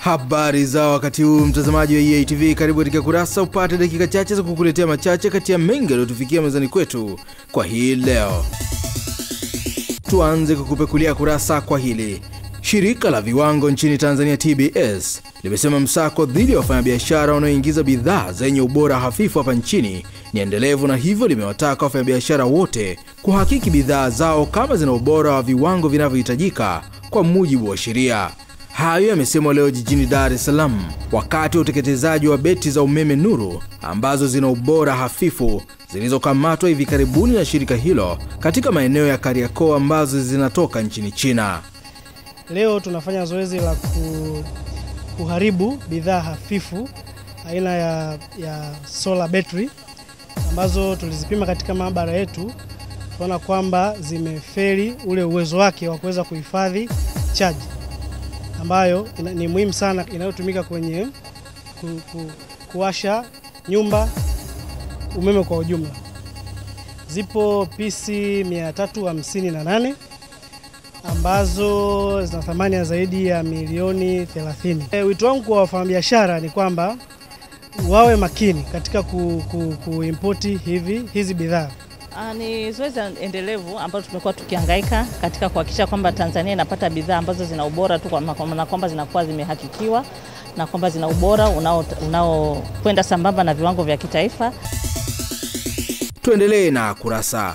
Habari za wakati huu mtazamaji wa eatv karibu katika Kurasa upate dakika chache za kukuletea machache kati ya mengi yaliyotufikia mezani kwetu kwa hii leo. Tuanze kukupekulia kurasa kwa hili. Shirika la viwango nchini Tanzania TBS limesema msako dhidi ya wafanyabiashara wanaoingiza bidhaa zenye ubora hafifu hapa nchini ni endelevu na hivyo limewataka wafanyabiashara wote kuhakiki bidhaa zao kama zina ubora wa viwango vinavyohitajika kwa mujibu wa sheria. Hayo yamesemwa leo jijini Dar es Salaam wakati wa uteketezaji wa beti za umeme Nuru ambazo zina ubora hafifu zilizokamatwa hivi karibuni na shirika hilo katika maeneo ya Kariakoo ambazo zinatoka nchini China. Leo tunafanya zoezi la kuharibu bidhaa hafifu aina ya, ya solar battery ambazo tulizipima katika maabara yetu, tunaona kwamba zimefeli ule uwezo wake wa kuweza kuhifadhi chaji ambayo ina, ni muhimu sana inayotumika kwenye ku, ku, kuwasha nyumba, umeme kwa ujumla. Zipo pisi 358 ambazo zina thamani ya zaidi ya milioni 30. E, eh, wito wangu kwa wafanyabiashara ni kwamba wawe makini katika ku, ku, kuimpoti hivi hizi bidhaa. Ah, ni zoezi endelevu ambalo tumekuwa tukihangaika katika kuhakikisha kwamba Tanzania inapata bidhaa ambazo zina ubora tu na kwamba zinakuwa zimehakikiwa na kwamba zina ubora unaokwenda sambamba na viwango vya kitaifa. Tuendelee na kurasa.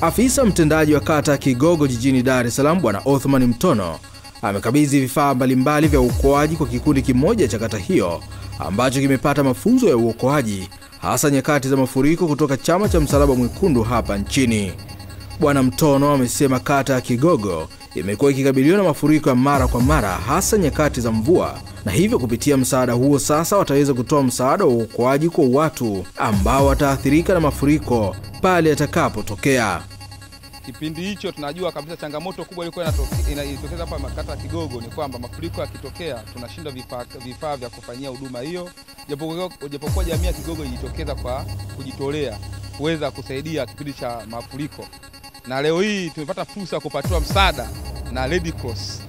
Afisa mtendaji wa kata Kigogo jijini Dar es Salaam Bwana Othman Mtono amekabidhi vifaa mbalimbali vya uokoaji kwa kikundi kimoja cha kata hiyo ambacho kimepata mafunzo ya uokoaji hasa nyakati za mafuriko kutoka chama cha Msalaba Mwekundu hapa nchini. Bwana Mtono amesema kata ya Kigogo imekuwa ikikabiliwa na mafuriko ya mara kwa mara hasa nyakati za mvua, na hivyo kupitia msaada huo sasa wataweza kutoa msaada wa uokoaji kwa watu ambao wataathirika na mafuriko pale yatakapotokea. Kipindi hicho tunajua kabisa changamoto kubwa ilikuwa inajitokeza hapa makata ya Kigogo ni kwamba mafuriko yakitokea tunashinda vifaa vya kufanyia huduma hiyo, japokuwa jamii ya Kigogo ilijitokeza kwa kujitolea kuweza kusaidia kipindi cha mafuriko, na leo hii tumepata fursa ya kupatiwa msaada na Red Cross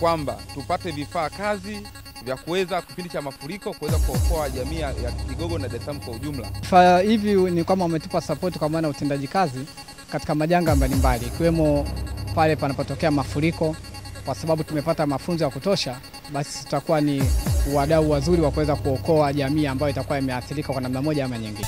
kwamba tupate vifaa kazi vya kuweza kipindi cha mafuriko kuweza kuokoa jamii ya Kigogo na Dar es Salaam kwa ujumla. Fa, hivi ni kama wametupa support kwa maana utendaji kazi katika majanga mbalimbali ikiwemo pale panapotokea mafuriko. Kwa sababu tumepata mafunzo ya kutosha, basi tutakuwa ni wadau wazuri wa kuweza kuokoa jamii ambayo itakuwa imeathirika kwa namna moja ama nyingine.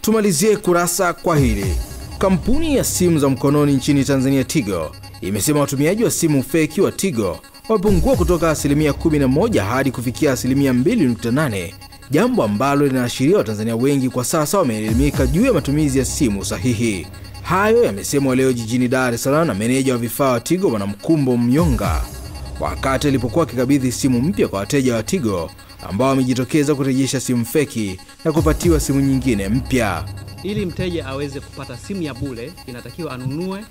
Tumalizie kurasa kwa hili. Kampuni ya simu za mkononi nchini Tanzania, Tigo, imesema watumiaji wa simu feki wa Tigo wamepungua kutoka asilimia 11 hadi kufikia asilimia 2.8 jambo ambalo linaashiria Watanzania wengi kwa sasa wameelimika juu ya matumizi ya simu sahihi. Hayo yamesemwa leo jijini Dar es Salaam na meneja wa vifaa wa Tigo Bwana Mkumbo myonga wakati alipokuwa akikabidhi simu mpya kwa wateja wa Tigo ambao wamejitokeza kurejesha simu feki na kupatiwa simu nyingine mpya. Ili mteja aweze kupata simu ya bule inatakiwa anunue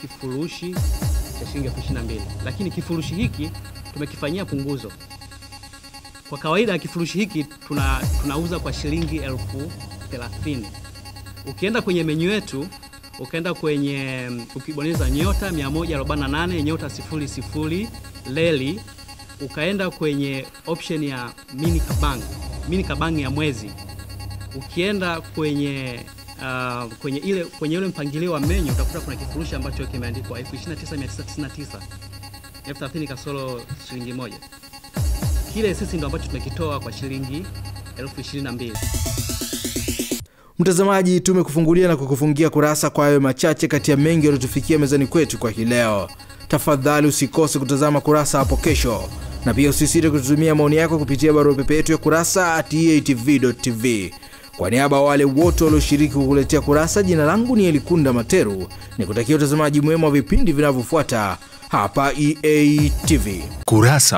kifurushi cha shilingi elfu lakini kifurushi hiki tumekifanyia punguzo kwa kawaida kifurushi hiki tuna, tunauza kwa shilingi elfu thelathini. Ukienda kwenye menyu yetu ukaenda kwenye mm, ukibonyeza nyota 148 nyota 00 leli ukaenda kwenye option ya mini kabang mini kabang ya mwezi ukienda kwenye uh, kwenye ile kwenye ule mpangilio wa menyu utakuta kuna kifurushi ambacho kimeandikwa elfu 29999 elfu 30 kasoro shilingi moja kile sisi ndo ambacho tunakitoa kwa shilingi elfu ishirini na mbili. Mtazamaji, tumekufungulia na kukufungia kurasa kwa hayo machache kati ya mengi yaliyotufikia mezani kwetu kwa hii leo. Tafadhali usikose kutazama kurasa hapo kesho, na pia usisite kututumia maoni yako kupitia barua pepe yetu ya kurasa at eatv.tv. Kwa niaba ya wale wote walioshiriki kukuletea kurasa, jina langu ni Elikunda Materu, ni kutakia utazamaji mwema wa vipindi vinavyofuata hapa EATV Kurasa.